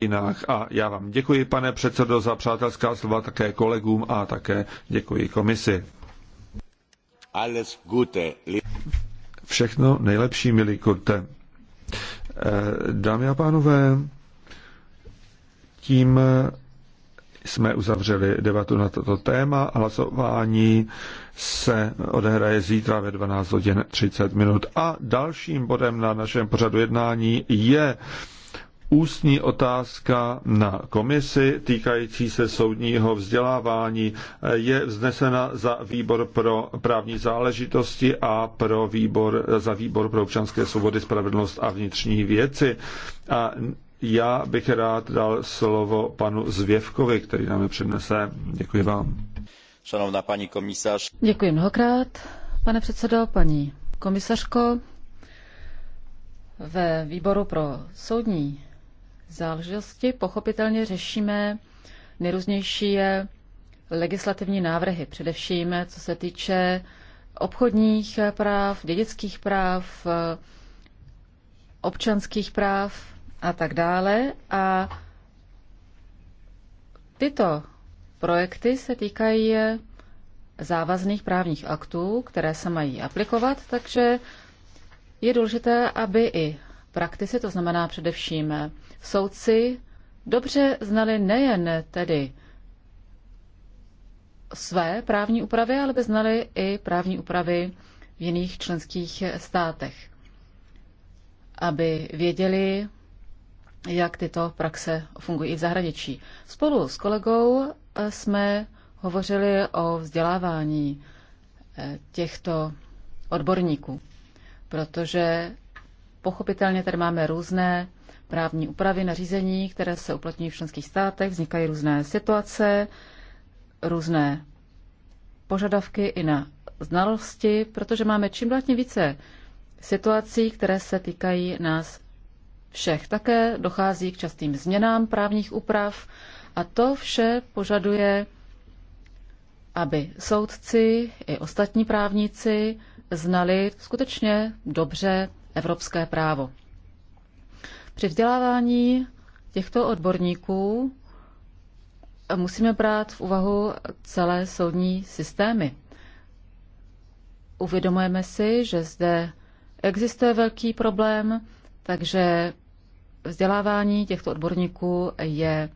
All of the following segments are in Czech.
dějinách. A já vám děkuji, pane předsedo, za přátelská slova také kolegům a také děkuji komisi. Alles Gute. Všechno nejlepší, milí Kurte. Eh, dámy a pánové, tím jsme uzavřeli debatu na toto téma. Hlasování se odehraje zítra ve 12 hodin 30 minut. A dalším bodem na našem pořadu jednání je ústní otázka na komisi týkající se soudního vzdělávání eh, je vznesena za výbor pro právní záležitosti a pro výbor, za výbor pro občanské svobody, spravedlnost a vnitřní věci. A já bych rád dal slovo panu Zvěvkovi, který nám je přednese. Děkuji vám. Šanovná paní komisař. Děkuji mnohokrát, pane předsedo, paní komisařko. Ve výboru pro soudní záležitosti. Pochopitelně řešíme nejrůznější legislativní návrhy, především co se týče obchodních práv, dědických práv, občanských práv a tak dále. A tyto projekty se týkají závazných právních aktů, které se mají aplikovat, takže je důležité, aby i praktici, to znamená především soudci, dobře znali nejen tedy své právní úpravy, ale by znali i právní úpravy v jiných členských státech, aby věděli, jak tyto praxe fungují v zahraničí. Spolu s kolegou eh, jsme hovořili o vzdělávání eh, těchto odborníků, protože Pochopitelně tady máme různé právní úpravy, nařízení, které se uplatňují v členských státech, vznikají různé situace, různé požadavky i na znalosti, protože máme čím dál tím více situací, které se týkají nás všech. Také dochází k častým změnám právních úprav a to vše požaduje, aby soudci i ostatní právníci znali skutečně dobře evropské právo. Při vzdělávání těchto odborníků musíme brát v úvahu celé soudní systémy. Uvědomujeme si, že zde existuje velký problém, takže vzdělávání těchto odborníků je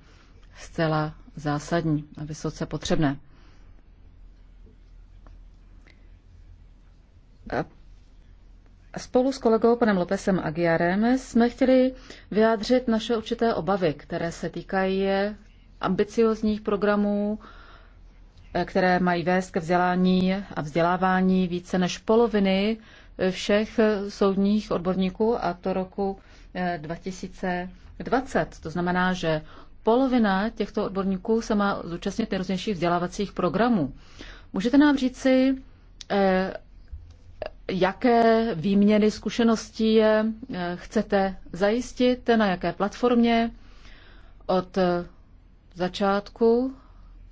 zcela zásadní a vysoce potřebné. Spolu s kolegou panem Lopesem Agiarem jsme chtěli vyjádřit naše určité obavy, které se týkají ambiciozních programů, eh, které mají vést ke vzdělání a vzdělávání více než poloviny všech soudních odborníků a to roku 2020. Eh, to znamená, že polovina těchto odborníků se má zúčastnit nejrůznějších vzdělávacích programů. Můžete nám říci, eh, jaké výměny zkušeností eh, chcete zajistit, na jaké platformě. Od eh, začátku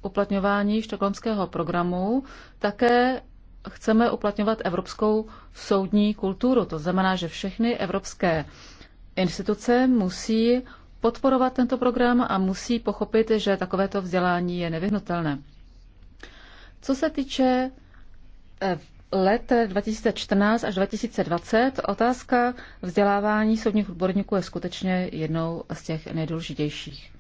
uplatňování štokholmského programu také chceme uplatňovat evropskou soudní kulturu. To znamená, že všechny evropské instituce musí podporovat tento program a musí pochopit, že takovéto vzdělání je nevyhnutelné. Co se týče eh, let 2014 až 2020 otázka vzdělávání soudních odborníků je skutečně jednou z těch nejdůležitějších.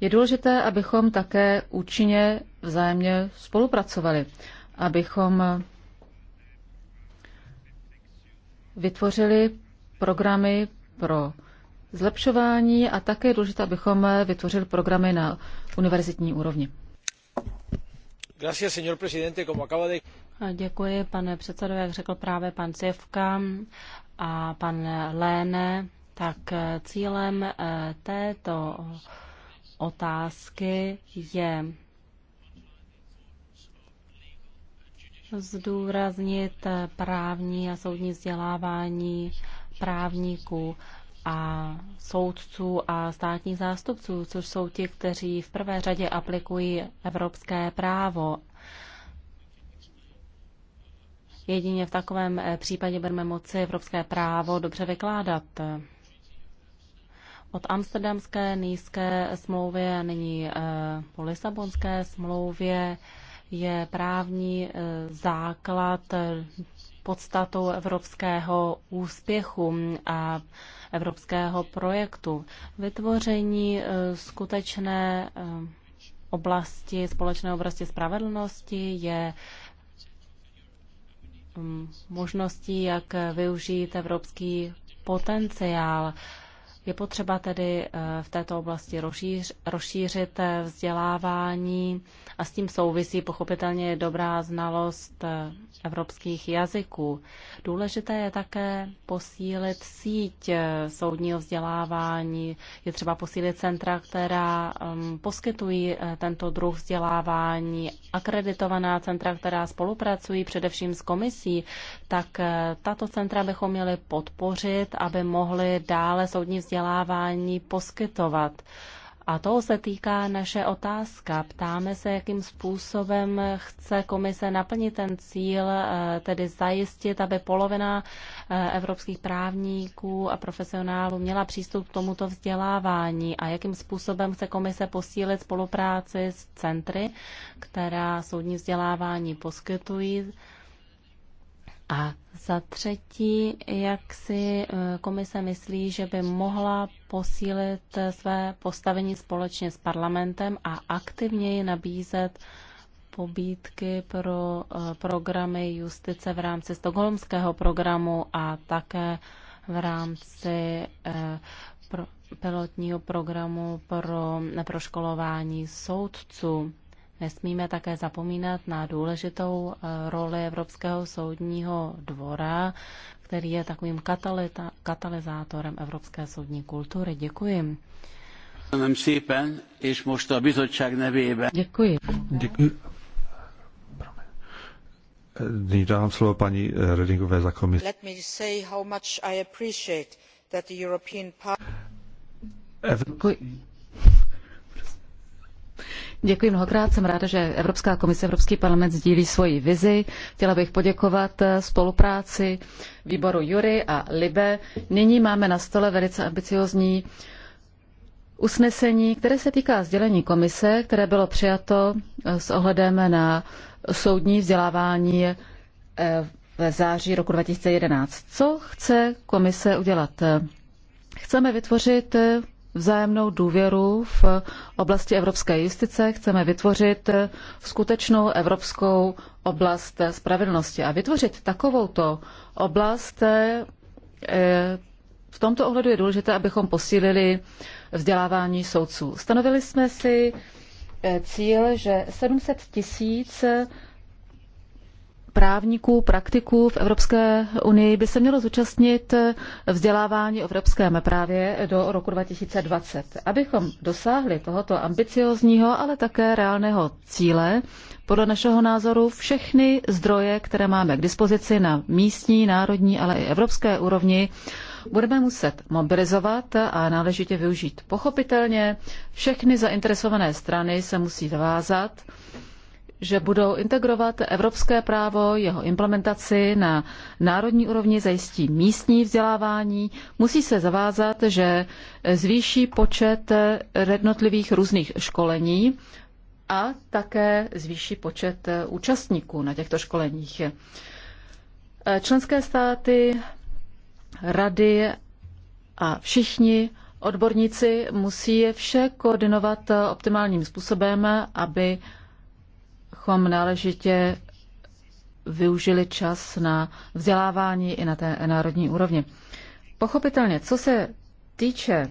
Je důležité, abychom také účinně vzájemně spolupracovali, abychom vytvořili programy pro zlepšování a také je důležité, abychom vytvořili programy na univerzitní úrovni. Děkuji, pane předsedo, jak řekl právě pan Cěvka a pan Léne, tak eh, cílem eh, této otázky je zdůraznit eh, právní a soudní vzdělávání právníků a soudců a státních zástupců, což jsou ti, kteří v prvé řadě aplikují evropské právo. Jedině v takovém eh, případě budeme moci evropské právo dobře vykládat. Od amsterdamské nízké smlouvy a nyní eh, po Lisabonské smlouvě je právní eh, základ podstatou evropského úspěchu a evropského projektu. Vytvoření e, skutečné e, oblasti, společné oblasti spravedlnosti je mm, možností, jak využít evropský potenciál. Je potřeba tedy eh, v této oblasti rozšířit eh, vzdělávání a s tím souvisí pochopitelně dobrá znalost eh, evropských jazyků. Důležité je také posílit síť soudního vzdělávání. Je třeba posílit centra, která ehm, poskytují tento druh vzdělávání, akreditovaná centra, která spolupracují především s komisí, tak tato centra bychom měli podpořit, aby mohly dále soudní vzdělávání vzdělávání poskytovat. A toho se týká naše otázka. Ptáme se, jakým způsobem chce komise naplnit ten cíl, eh, tedy zajistit, aby polovina eh, evropských právníků a profesionálů měla přístup k tomuto vzdělávání a jakým způsobem chce komise posílit spolupráci s centry, která soudní vzdělávání poskytují a za třetí, jak si eh, komise myslí, že by mohla posílit eh, své postavení společně s parlamentem a aktivněji nabízet pobídky pro eh, programy justice v rámci stokholmského programu a také v rámci pilotního programu pro neproškolování soudců. Nesmíme také zapomínat na důležitou eh, roli Evropského soudního dvora, který je takovým katalita, katalyzátorem evropské soudní kultury. Děkuji. Děkuji. Děkuji. Nyní dávám slovo paní eh, Redingové za komisi. Děkuji mnohokrát. Jsem ráda, že Evropská komise, Evropský parlament sdílí svoji vizi. Chtěla bych poděkovat eh, spolupráci výboru Jury a Libe. Nyní máme na stole velice ambiciozní usnesení, které se týká sdělení komise, které bylo přijato eh, s ohledem na soudní vzdělávání eh, v září roku 2011. Co chce komise udělat? Chceme vytvořit vzájemnou důvěru v oblasti evropské justice. Chceme vytvořit skutečnou evropskou oblast spravedlnosti. A vytvořit takovouto oblast eh, v tomto ohledu je důležité, abychom posílili vzdělávání soudců. Stanovili jsme si eh, cíl, že 700 tisíc právníků, praktiků v Evropské unii by se mělo zúčastnit vzdělávání o evropském právě do roku 2020. Abychom dosáhli tohoto ambiciozního, ale také reálného cíle, podle našeho názoru všechny zdroje, které máme k dispozici na místní, národní, ale i evropské úrovni, budeme muset mobilizovat a náležitě využít. Pochopitelně všechny zainteresované strany se musí zavázat že budou integrovat evropské právo, jeho implementaci na národní úrovni, zajistí místní vzdělávání, musí se zavázat, že zvýší počet jednotlivých různých školení a také zvýší počet účastníků na těchto školeních. Členské státy, rady a všichni odborníci musí vše koordinovat optimálním způsobem, aby abychom náležitě využili čas na vzdělávání i na té národní úrovni. Pochopitelně, co se týče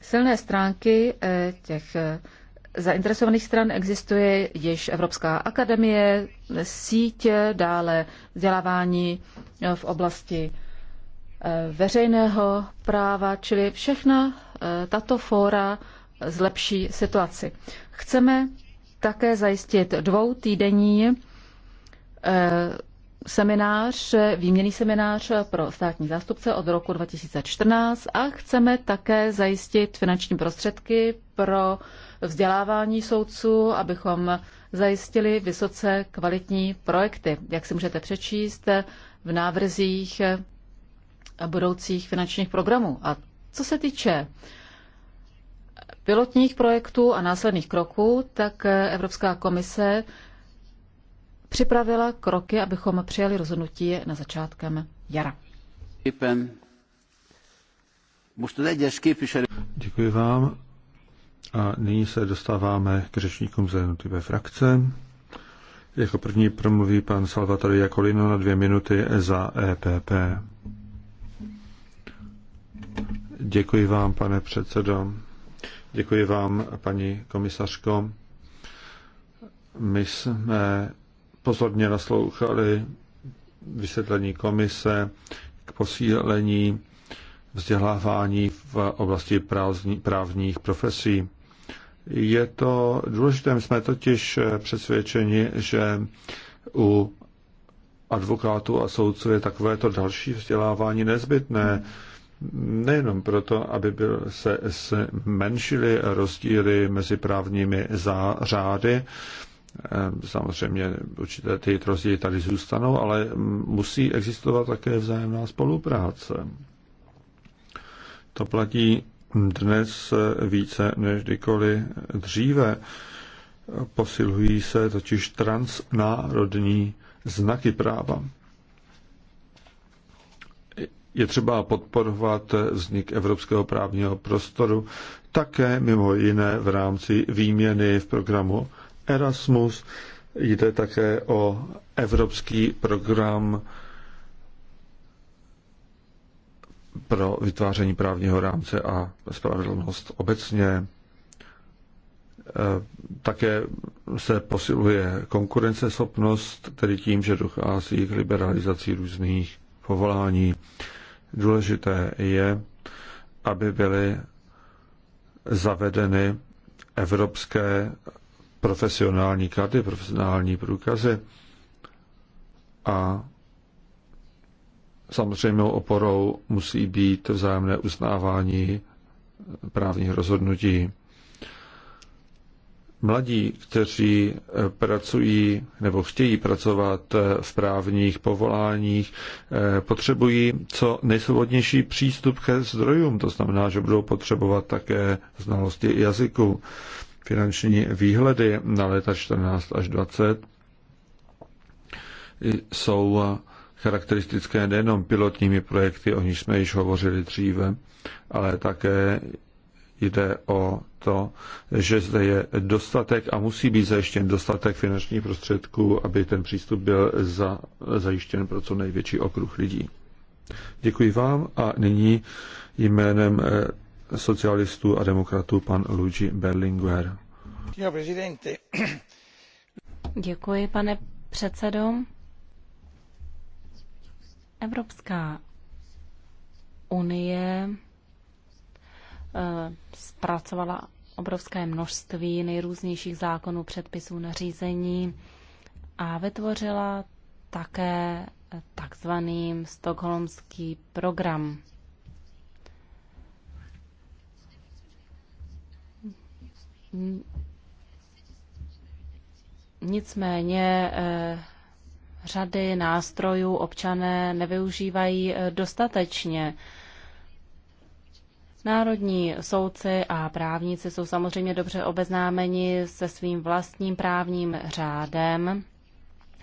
silné stránky eh, těch eh, zainteresovaných stran, existuje již Evropská akademie, sítě, dále vzdělávání eh, v oblasti veřejného práva, čili všechna tato fóra zlepší situaci. Chceme také zajistit dvou týdenní eh, seminář, výměný seminář pro státní zástupce od roku 2014 a chceme také zajistit finanční prostředky pro vzdělávání soudců, abychom zajistili vysoce kvalitní projekty. Jak si můžete přečíst eh, v návrzích eh, budoucích finančních programů. A co se týče pilotních projektů a následných kroků, tak eh, Evropská komise připravila kroky, abychom přijali rozhodnutí na začátkem jara. Děkuji vám. A nyní se dostáváme k řečníkům ze jednotlivé frakce. Jako první promluví pan Salvatore Jakolino na dvě minuty za EPP. Děkuji vám, pane předsedo. Děkuji vám, paní komisařko. My jsme pozorně naslouchali vysvětlení komise k posílení vzdělávání v oblasti právních profesí. Je to důležité, my jsme totiž přesvědčeni, že u advokátů a soudců je takovéto další vzdělávání nezbytné. Hmm nejenom proto, aby byl, se zmenšily rozdíly mezi právními zářády, eh, samozřejmě určité ty rozdíly tady zůstanou, ale musí existovat také vzájemná spolupráce. To platí dnes více než kdykoliv dříve. Posilují se totiž transnárodní znaky práva. Je třeba podporovat vznik evropského právního prostoru také mimo jiné v rámci výměny v programu Erasmus. Jde také o evropský program pro vytváření právního rámce a spravedlnost obecně. Také se posiluje konkurenceschopnost, tedy tím, že dochází k liberalizaci různých povolání. Důležité je, aby byly zavedeny evropské profesionální karty, profesionální průkazy a samozřejmou oporou musí být vzájemné uznávání právních rozhodnutí. Mladí, kteří eh, pracují nebo chtějí pracovat eh, v právních povoláních, eh, potřebují co nejsvobodnější přístup ke zdrojům. To znamená, že budou potřebovat také znalosti jazyku, finanční výhledy na léta 14 až 20 jsou charakteristické nejenom pilotními projekty, o nich jsme již hovořili dříve, ale také jde o to, že zde je dostatek a musí být zajištěn dostatek finančních prostředků, aby ten přístup byl za, zajištěn pro co největší okruh lidí. Děkuji vám a nyní jménem eh, socialistů a demokratů pan Luigi Berlinguer. Děkuji, pane předsedo. Evropská unie Eh, zpracovala obrovské množství nejrůznějších zákonů, předpisů, nařízení a vytvořila také takzvaný stokholmský program. Nicméně eh, řady nástrojů občané nevyužívají eh, dostatečně. Národní soudci a právníci jsou samozřejmě dobře obeznámeni se svým vlastním právním řádem,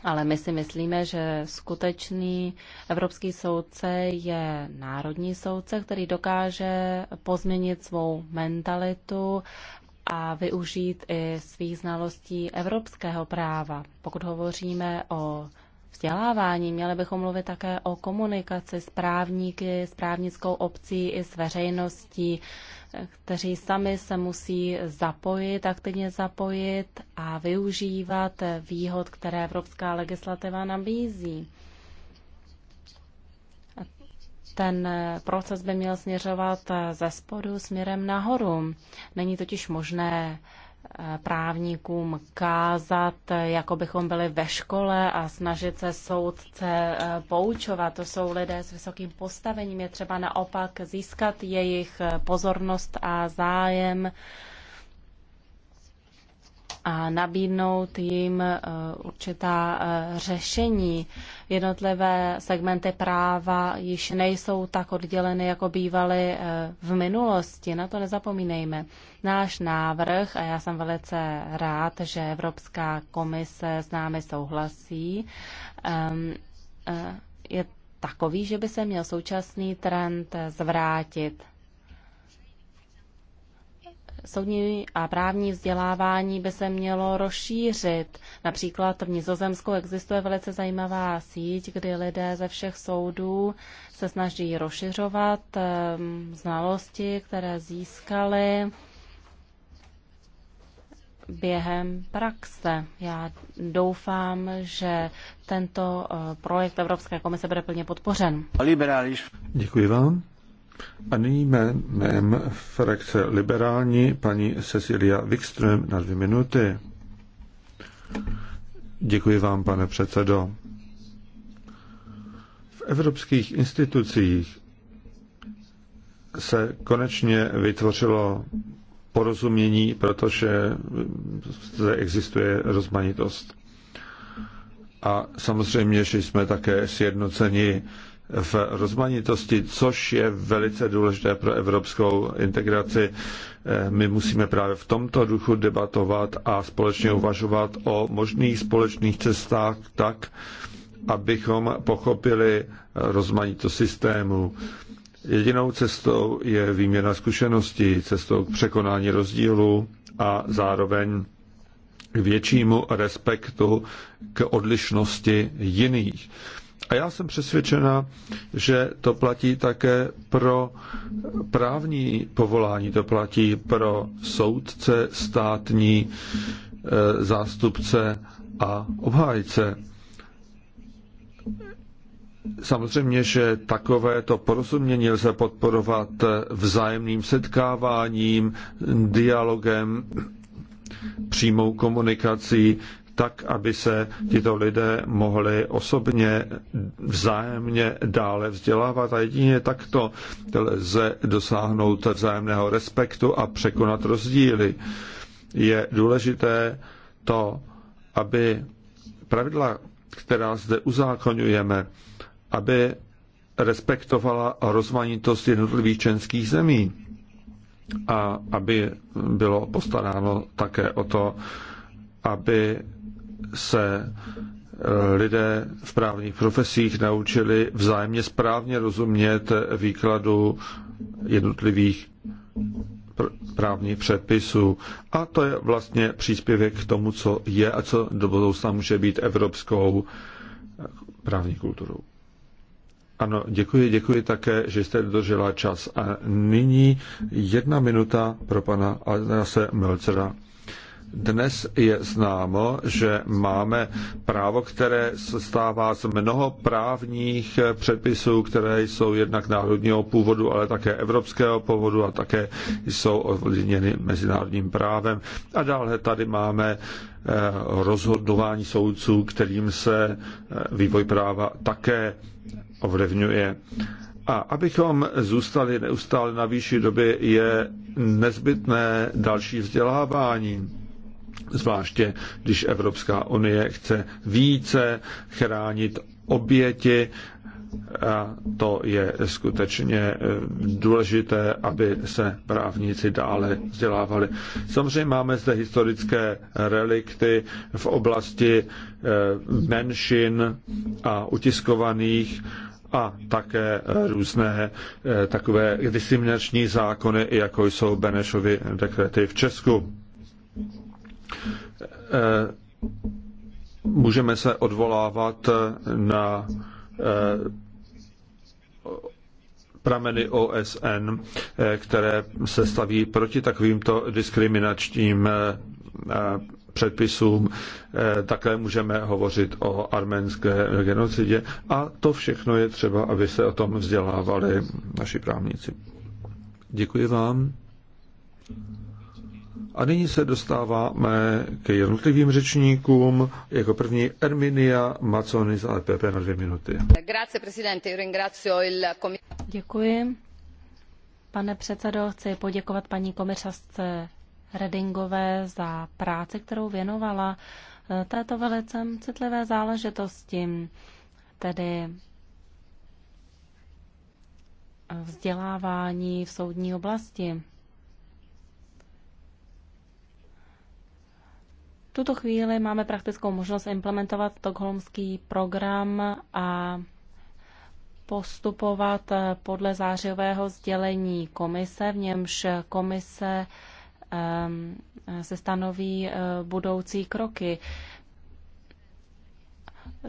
ale my si myslíme, že skutečný evropský soudce je národní soudce, který dokáže pozměnit svou mentalitu a využít i svých znalostí evropského práva. Pokud hovoříme o vzdělávání. Měli bychom mluvit také o komunikaci s právníky, s právnickou obcí i s veřejností, kteří sami se musí zapojit, aktivně zapojit a využívat výhod, které evropská legislativa nabízí. Ten proces by měl směřovat ze spodu směrem nahoru. Není totiž možné právníkům kázat, jako bychom byli ve škole a snažit se soudce eh, poučovat. To jsou lidé s vysokým postavením. Je třeba naopak získat jejich eh, pozornost a zájem a nabídnout jim eh, určitá eh, řešení. Jednotlivé segmenty práva již nejsou tak odděleny, jako bývaly eh, v minulosti. Na to nezapomínejme. Náš návrh, a já jsem velice rád, že Evropská komise s námi souhlasí, je takový, že by se měl současný trend zvrátit soudní a právní vzdělávání by se mělo rozšířit. Například v Nizozemsku existuje velice zajímavá síť, kdy lidé ze všech soudů se snaží rozšiřovat ehm, znalosti, které získali během praxe. Já doufám, že tento eh, projekt Evropské komise bude plně podpořen. Děkuji vám. A nyní jménem frakce liberální paní Cecilia Wikström na dvě minuty. Děkuji vám, pane předsedo. V evropských institucích se konečně vytvořilo porozumění, protože zde existuje rozmanitost. A samozřejmě, že jsme také sjednoceni v rozmanitosti, což je velice důležité pro evropskou integraci. Eh, my musíme právě v tomto duchu debatovat a společně uvažovat o možných společných cestách tak, abychom pochopili rozmanitost systému. Jedinou cestou je výměna zkušeností, cestou k překonání rozdílů a zároveň k většímu respektu k odlišnosti jiných. A já jsem přesvědčena, že to platí také pro právní povolání, to platí pro soudce, státní e, zástupce a obhájce. Samozřejmě, že takovéto porozumění lze podporovat vzájemným setkáváním, dialogem, přímou komunikací, tak, aby se tito lidé mohli osobně vzájemně dále vzdělávat a jedině takto lze dosáhnout vzájemného respektu a překonat rozdíly. Je důležité to, aby pravidla, která zde uzákonňujeme, aby respektovala rozmanitost jednotlivých členských zemí a aby bylo postaráno také o to, aby se eh, lidé v právních profesích naučili vzájemně správně rozumět výkladu jednotlivých právních předpisů. A to je vlastně příspěvek k tomu, co je a co do budoucna může být evropskou eh, právní kulturou. Ano, děkuji, děkuji také, že jste dodržela čas. A nyní jedna minuta pro pana Anase Melcera. Dnes je známo, že máme právo, které se stává z mnoho právních předpisů, které jsou jednak národního původu, ale také evropského původu a také jsou ovlivněny mezinárodním právem. A dále tady máme eh, rozhodování soudců, kterým se eh, vývoj práva také ovlivňuje. A abychom zůstali neustále na výši doby, je nezbytné další vzdělávání zvláště když Evropská unie chce více chránit oběti. A to je skutečně eh, důležité, aby se právníci dále vzdělávali. Samozřejmě máme zde historické relikty v oblasti eh, menšin a utiskovaných a také různé eh, takové diskriminační zákony, jako jsou Benešovy dekrety v Česku. Eh, můžeme se odvolávat na eh, prameny OSN, eh, které se staví proti takovýmto diskriminačním předpisům. Také můžeme hovořit o arménské genocidě a to všechno je třeba, aby se o tom vzdělávali naši právníci. Děkuji vám. A nyní se dostáváme ke jednotlivým řečníkům. Jako první Erminia Maconi z APP e na dvě minuty. Děkuji. Pane předsedo, chci poděkovat paní komisařce Redingové za práci, kterou věnovala eh, této velice citlivé záležitosti, tedy eh, vzdělávání v soudní oblasti. V tuto chvíli máme praktickou možnost implementovat stokholmský program a postupovat eh, podle zářijového sdělení komise, v němž komise ehm, se stanoví eh, budoucí kroky.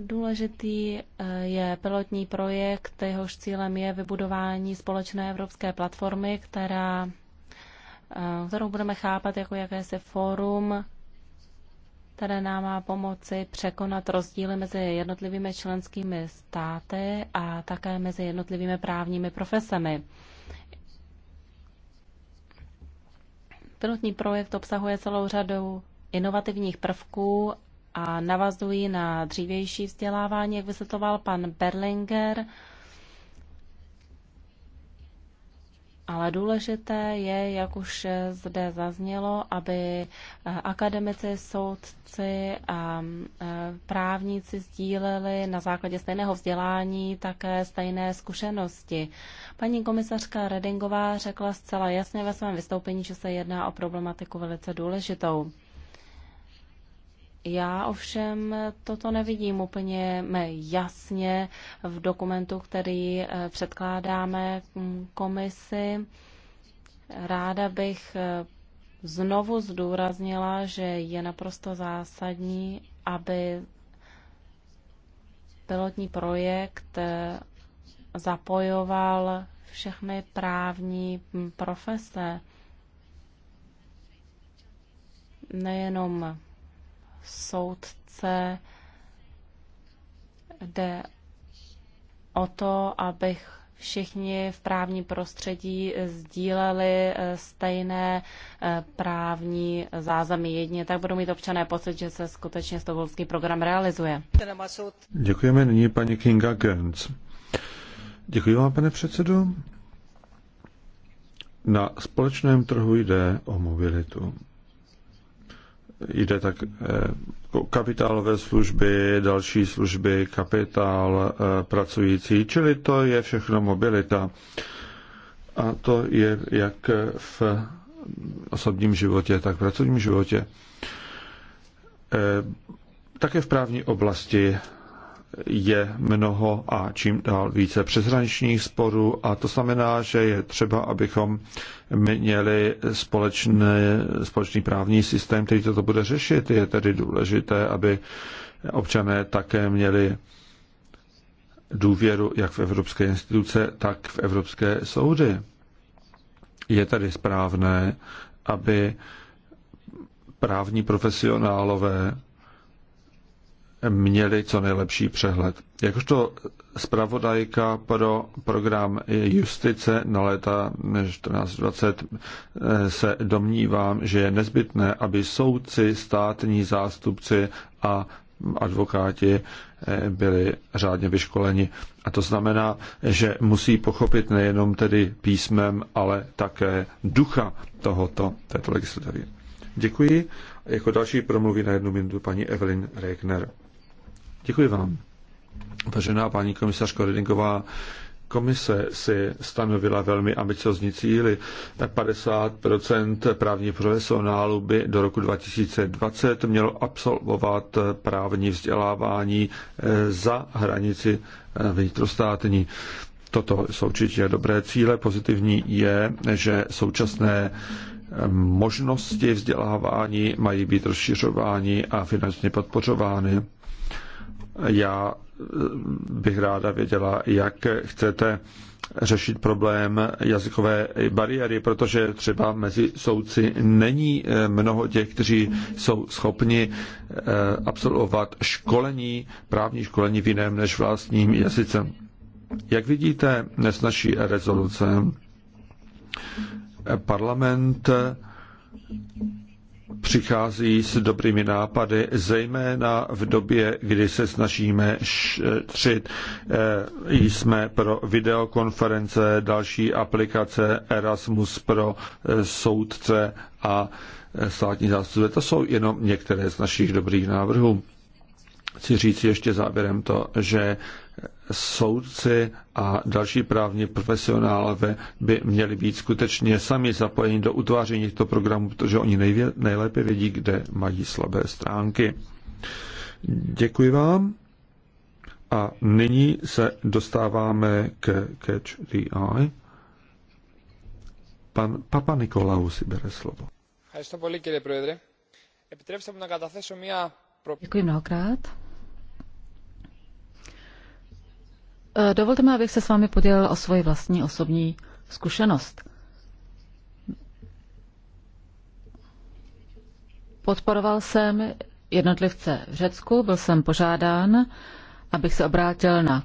Důležitý eh, je pilotní projekt, jehož cílem je vybudování společné evropské platformy, která, kterou budeme chápat jako jakési forum které nám má pomoci překonat rozdíly mezi jednotlivými členskými státy a také mezi jednotlivými právními profesemi. Pilotní projekt obsahuje celou řadu inovativních prvků a navazují na dřívější vzdělávání, jak vysvětloval pan Berlinger. Ale důležité je, jak už zde zaznělo, aby eh, akademici, soudci a eh, právníci sdíleli na základě stejného vzdělání také stejné zkušenosti. Paní komisařka Redingová řekla zcela jasně ve svém vystoupení, že se jedná o problematiku velice důležitou. Já ovšem toto nevidím úplně jasně v dokumentu, který eh, předkládáme mm, komisi. Ráda bych eh, znovu zdůraznila, že je naprosto zásadní, aby pilotní projekt eh, zapojoval všechny právní mm, profese, nejenom soudce jde o to, abych všichni v právním prostředí sdíleli eh, stejné eh, právní zázemí. Jedně tak budou mít občané pocit, že se skutečně stovolský program realizuje. Děkujeme nyní paní Kinga Gerns. Děkuji vám, pane předsedu. Na společném trhu jde o mobilitu jde tak eh, kapitálové služby, další služby, kapitál eh, pracující, čili to je všechno mobilita. A to je jak v osobním životě, tak v pracovním životě. Eh, také v právní oblasti je mnoho a čím dál více přeshraničních sporů a to znamená, že je třeba, abychom měli společné, společný právní systém, který toto bude řešit. Je tedy důležité, aby občané také měli důvěru jak v evropské instituce, tak v evropské soudy. Je tady správné, aby právní profesionálové měli co nejlepší přehled. Jakožto zpravodajka pro program justice na léta 1420 eh, se domnívám, že je nezbytné, aby soudci, státní zástupci a advokáti eh, byli řádně vyškoleni. A to znamená, že musí pochopit nejenom tedy písmem, ale také ducha tohoto, této legislativy. Děkuji. Jako další promluví na jednu minutu paní Evelyn Regner. Děkuji vám. Vážená paní komisařko Redingová, komise si stanovila velmi ambiciozní cíly. 50 právních profesionálů by do roku 2020 mělo absolvovat právní vzdělávání eh, za hranici eh, vnitrostátní. Toto jsou určitě dobré cíle. Pozitivní je, že současné eh, možnosti vzdělávání mají být rozšiřovány a finančně podpořovány. Já eh, bych ráda věděla, jak chcete řešit problém jazykové bariéry, protože třeba mezi soudci není eh, mnoho těch, kteří jsou schopni eh, absolvovat školení, právní školení v jiném než vlastním jazyce. Jak vidíte dnes naší rezoluce, parlament přichází s dobrými nápady, zejména v době, kdy se snažíme šetřit. Eh, jsme pro videokonference, další aplikace Erasmus pro eh, soudce a eh, státní zástupce. To jsou jenom některé z našich dobrých návrhů. Chci říct ještě závěrem to, že soudci a další právní profesionálové by měli být skutečně sami zapojeni do utváření těchto programů, protože oni nejvě, nejlépe vědí, kde mají slabé stránky. Děkuji vám. A nyní se dostáváme k Catch the Eye. Pan Papa Nikolau si bere slovo. Děkuji mnohokrát. Eh, dovolte mi, abych se s vámi podělil o svoji vlastní osobní zkušenost. Podporoval jsem jednotlivce v Řecku, byl jsem požádán, abych se obrátil na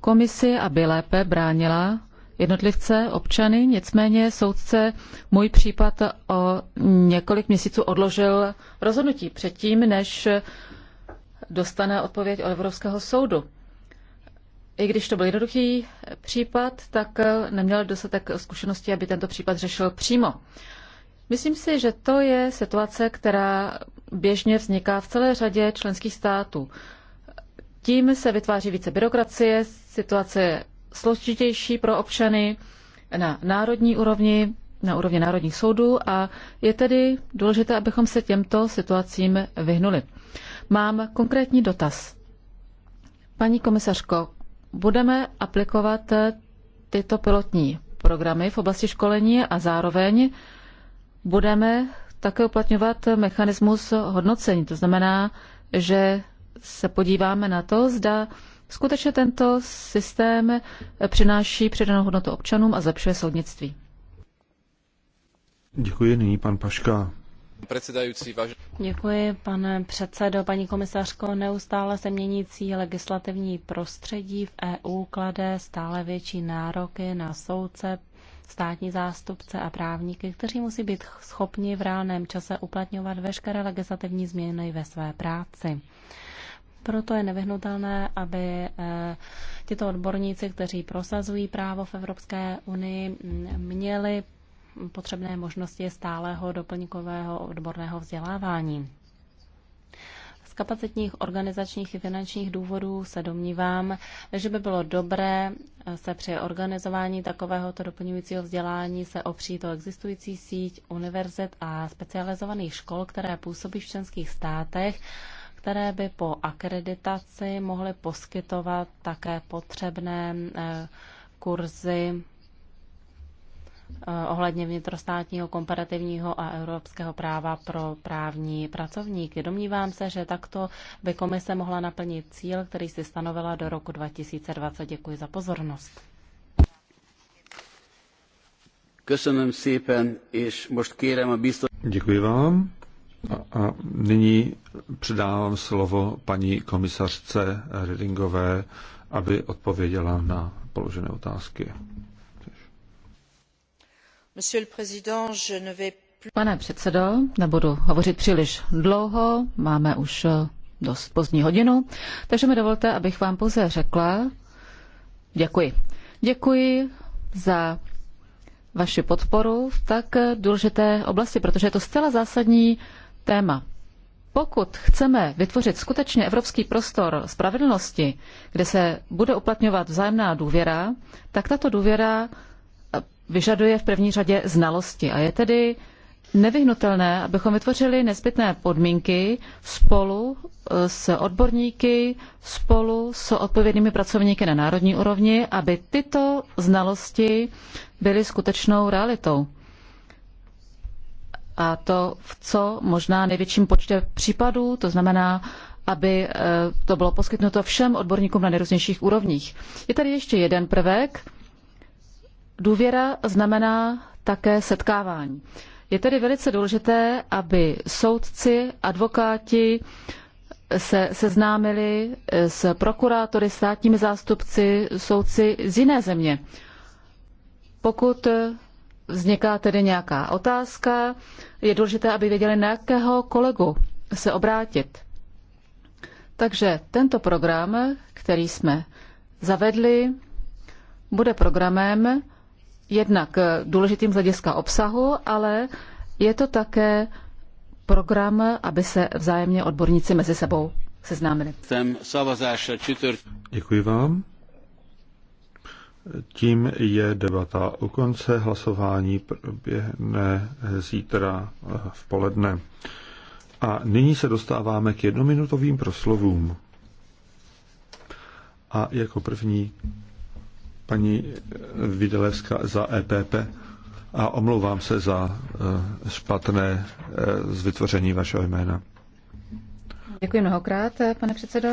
komisi, aby lépe bránila jednotlivce, občany. Nicméně soudce můj případ o několik měsíců odložil rozhodnutí předtím, než dostane odpověď od Evropského soudu i když to byl jednoduchý eh, případ, tak eh, neměl dostatek zkušenosti, aby tento případ řešil přímo. Myslím si, že to je situace, která běžně vzniká v celé řadě členských států. Tím se vytváří více byrokracie, situace je složitější pro občany na národní úrovni, na úrovni národních soudů a je tedy důležité, abychom se těmto situacím vyhnuli. Mám konkrétní dotaz. Paní komisařko, budeme aplikovat eh, tyto pilotní programy v oblasti školení a zároveň budeme také uplatňovat mechanismus hodnocení. To znamená, že se podíváme na to, zda skutečně tento systém eh, přináší přidanou hodnotu občanům a zlepšuje soudnictví. Děkuji. Nyní pan Paška, pane předsedo, paní komisařko. Neustále se měnící legislativní prostředí v EU klade stále větší nároky na soudce, státní zástupce a právníky, kteří musí být schopni v reálném čase uplatňovat veškeré legislativní změny ve své práci. Proto je nevyhnutelné, aby eh, tito odborníci, kteří prosazují právo v Evropské unii, měli potřebné možnosti stálého doplňkového odborného vzdělávání. Z kapacitních, organizačních i finančních důvodů se domnívám, že by bylo dobré se při organizování takovéhoto doplňujícího vzdělání se opřít o existující síť univerzit a specializovaných škol, které působí v členských státech, které by po akreditaci mohly poskytovat také potřebné eh, kurzy Eh, ohledně vnitrostátního, komparativního a evropského práva pro právní pracovníky. Domnívám se, že takto by komise mohla naplnit cíl, který si stanovila do roku 2020. Děkuji za pozornost. Děkuji vám. A, a nyní předávám slovo paní komisařce Redingové, aby odpověděla na položené otázky. Pane předsedo, nebudu hovořit příliš dlouho, máme už eh, dost pozdní hodinu, takže mi dovolte, abych vám pouze řekla děkuji. Děkuji za vaši podporu v tak důležité oblasti, protože je to zcela zásadní téma. Pokud chceme vytvořit skutečně evropský prostor spravedlnosti, kde se bude uplatňovat vzájemná důvěra, tak tato důvěra vyžaduje v první řadě znalosti a je tedy nevyhnutelné, abychom vytvořili nezbytné podmínky spolu eh, s odborníky, spolu s odpovědnými pracovníky na národní úrovni, aby tyto znalosti byly skutečnou realitou. A to v co možná největším počtu případů, to znamená, aby eh, to bylo poskytnuto všem odborníkům na nejrůznějších úrovních. Je tady ještě jeden prvek, důvěra znamená také setkávání. Je tedy velice důležité, aby soudci, advokáti se seznámili s prokurátory, státními zástupci, soudci z jiné země. Pokud vzniká tedy nějaká otázka, je důležité, aby věděli, na jakého kolegu se obrátit. Takže tento program, který jsme zavedli, bude programem, jednak eh, důležitým z hlediska obsahu, ale je to také program, aby se vzájemně odborníci mezi sebou seznámili. Děkuji vám. Tím je debata u konce. Hlasování proběhne zítra eh, v poledne. A nyní se dostáváme k jednominutovým proslovům. A jako první paní Videlevská za EPP a omlouvám se za eh, špatné eh, z vytvoření vašeho jména. Děkuji mnohokrát, eh, pane předsedo.